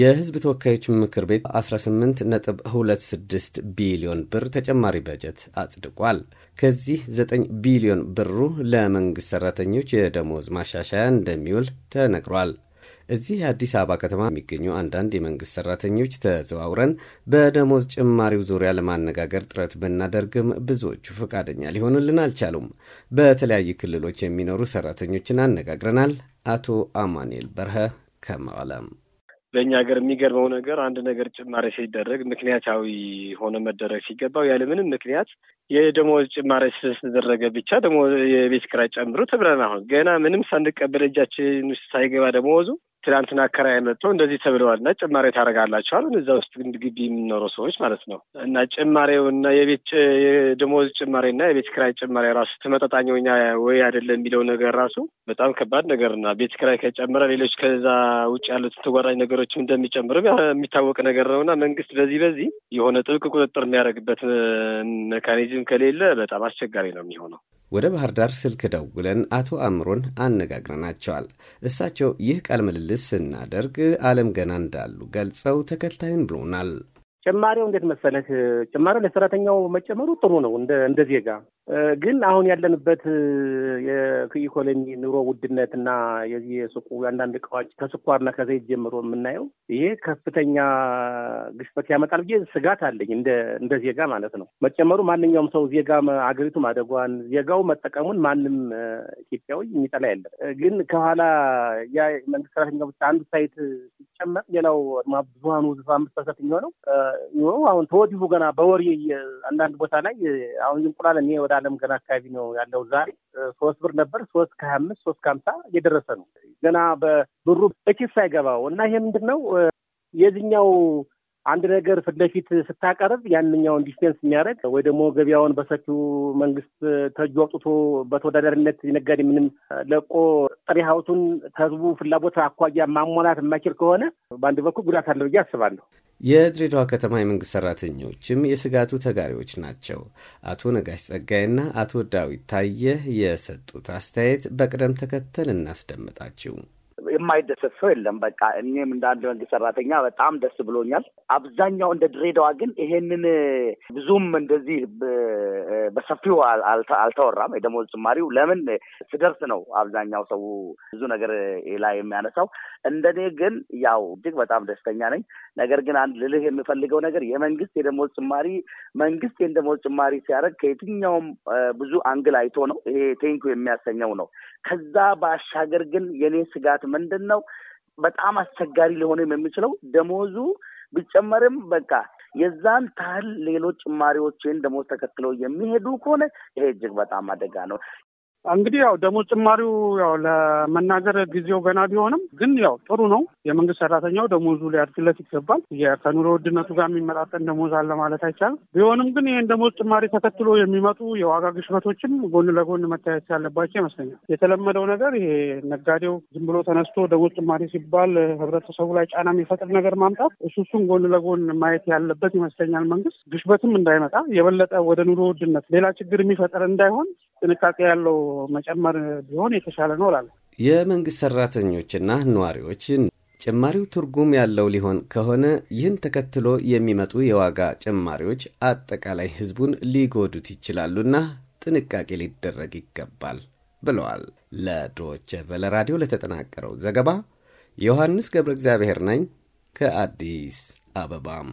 የህዝብ ተወካዮች ምክር ቤት 18.26 ቢሊዮን ብር ተጨማሪ በጀት አጽድቋል። ከዚህ 9 ቢሊዮን ብሩ ለመንግሥት ሠራተኞች የደሞዝ ማሻሻያ እንደሚውል ተነግሯል። እዚህ የአዲስ አበባ ከተማ የሚገኙ አንዳንድ የመንግሥት ሠራተኞች ተዘዋውረን በደሞዝ ጭማሪው ዙሪያ ለማነጋገር ጥረት ብናደርግም ብዙዎቹ ፈቃደኛ ሊሆኑልን አልቻሉም። በተለያዩ ክልሎች የሚኖሩ ሠራተኞችን አነጋግረናል። አቶ አማኑኤል በርሀ ከመቀለም በእኛ ሀገር የሚገርመው ነገር አንድ ነገር ጭማሪ ሲደረግ ምክንያታዊ ሆነ መደረግ ሲገባው ያለምንም ምክንያት የደሞዝ ጭማሪ ስለተደረገ ብቻ ደግሞ የቤት ኪራይ ጨምሮ ተብለን አሁን ገና ምንም ሳንቀበል እጃችን ውስጥ ሳይገባ ደሞዙ ትናንትና ከራይ መጥቶ እንደዚህ ተብለዋል እና ጭማሬ ታደርጋላቸዋል። እዛ ውስጥ ግቢ የሚኖሩ ሰዎች ማለት ነው እና ጭማሬው እና የቤት ደሞዝ ጭማሬ እና የቤት ክራይ ጭማሬ ራሱ ተመጣጣኝ ወይ አይደለም የሚለው ነገር ራሱ በጣም ከባድ ነገር እና ቤት ክራይ ከጨመረ ሌሎች ከዛ ውጭ ያሉት ተጓዳኝ ነገሮች እንደሚጨምርም የሚታወቅ ነገር ነው እና መንግስት በዚህ በዚህ የሆነ ጥብቅ ቁጥጥር የሚያደርግበት መካኒዝም ከሌለ በጣም አስቸጋሪ ነው የሚሆነው። ወደ ባህር ዳር ስልክ ደውለን አቶ አምሮን አነጋግረናቸዋል። እሳቸው ይህ ቃል ምልልስ ስናደርግ አለም ገና እንዳሉ ገልጸው ተከታዩን ብሎናል። ጭማሪው እንዴት መሰለህ? ጭማሪው ለሰራተኛው መጨመሩ ጥሩ ነው እንደ ዜጋ ግን አሁን ያለንበት የኢኮኖሚ ኑሮ ውድነት እና የዚህ የሱቁ አንዳንድ እቃዎች ከስኳርና ከዘይት ጀምሮ የምናየው ይሄ ከፍተኛ ግሽበት ያመጣል ብዬ ስጋት አለኝ፣ እንደ ዜጋ ማለት ነው። መጨመሩ ማንኛውም ሰው ዜጋ አገሪቱ ማደጓን ዜጋው መጠቀሙን ማንም ኢትዮጵያዊ የሚጠላ የለም። ግን ከኋላ ያ መንግስት ሰራተኛ ብቻ አንዱ ሳይት ሲጨመር ሌላው ብዙሀኑ ህዝብ አምስት ፐርሰንት የሚሆነው አሁን ተወዲሁ ገና በወሬ አንዳንድ ቦታ ላይ አሁን እንቁላል ወደ አለም ገና አካባቢ ነው ያለው። ዛሬ ሶስት ብር ነበር፣ ሶስት ከሀያ አምስት ሶስት ከሀምሳ እየደረሰ ነው። ገና በብሩ በኪስ አይገባው እና ይሄ ምንድን ነው የዚኛው አንድ ነገር ፊት ለፊት ስታቀርብ ያንኛውን ዲስቴንስ የሚያደርግ ወይ ደግሞ ገበያውን በሰፊው መንግስት ከእጁ አውጥቶ በተወዳዳሪነት ነጋዴ ምንም ለቆ ጥሬ ሀብቱን ከህዝቡ ፍላጎት አኳያ ማሟላት የማይችል ከሆነ በአንድ በኩል ጉዳት አለው ብዬ አስባለሁ። የድሬዳዋ ከተማ የመንግስት ሰራተኞችም የስጋቱ ተጋሪዎች ናቸው። አቶ ነጋሽ ጸጋይና አቶ ዳዊት ታየህ የሰጡት አስተያየት በቅደም ተከተል እናስደምጣችው የማይደሰት ሰው የለም። በቃ እኔም እንደ አንድ መንግስት ሰራተኛ በጣም ደስ ብሎኛል። አብዛኛው እንደ ድሬዳዋ ግን ይሄንን ብዙም እንደዚህ በሰፊው አልተወራም። የደሞዝ ጭማሪው ለምን ስደርስ ነው አብዛኛው ሰው ብዙ ነገር ላይ የሚያነሳው። እንደኔ ግን ያው እጅግ በጣም ደስተኛ ነኝ። ነገር ግን አንድ ልልህ የምፈልገው ነገር የመንግስት የደሞዝ ጭማሪ መንግስት የደሞዝ ጭማሪ ሲያደርግ ከየትኛውም ብዙ አንግል አይቶ ነው ይሄ ቴንኩ የሚያሰኘው ነው። ከዛ ባሻገር ግን የኔ ስጋት ምን ምንድን ነው በጣም አስቸጋሪ ሊሆንም የሚችለው ደሞዙ ቢጨመርም በቃ የዛን ታህል ሌሎች ጭማሪዎችን ደሞዝ ተከትለው የሚሄዱ ከሆነ ይሄ እጅግ በጣም አደጋ ነው። እንግዲህ ያው ደሞዝ ጭማሪው ያው ለመናገር ጊዜው ገና ቢሆንም ግን ያው ጥሩ ነው። የመንግስት ሰራተኛው ደሞዙ ሊያድግለት ይገባል። ከኑሮ ውድነቱ ጋር የሚመጣጠን ደሞዝ አለ ማለት አይቻልም። ቢሆንም ግን ይህን ደሞዝ ጭማሪ ተከትሎ የሚመጡ የዋጋ ግሽበቶችም ጎን ለጎን መታየት ያለባቸው ይመስለኛል። የተለመደው ነገር ይሄ ነጋዴው ዝም ብሎ ተነስቶ ደሞዝ ጭማሪ ሲባል ህብረተሰቡ ላይ ጫና የሚፈጥር ነገር ማምጣት እሱ እሱን ጎን ለጎን ማየት ያለበት ይመስለኛል። መንግስት ግሽበትም እንዳይመጣ የበለጠ ወደ ኑሮ ውድነት ሌላ ችግር የሚፈጠር እንዳይሆን ጥንቃቄ ያለው መጨመር ቢሆን የተሻለ ነው እላለሁ። የመንግስት ሰራተኞችና ነዋሪዎች ጭማሪው ትርጉም ያለው ሊሆን ከሆነ ይህን ተከትሎ የሚመጡ የዋጋ ጭማሪዎች አጠቃላይ ህዝቡን ሊጎዱት ይችላሉና ጥንቃቄ ሊደረግ ይገባል ብለዋል። ለዶቼ ቨለ ራዲዮ ለተጠናቀረው ዘገባ ዮሐንስ ገብረ እግዚአብሔር ነኝ ከአዲስ አበባም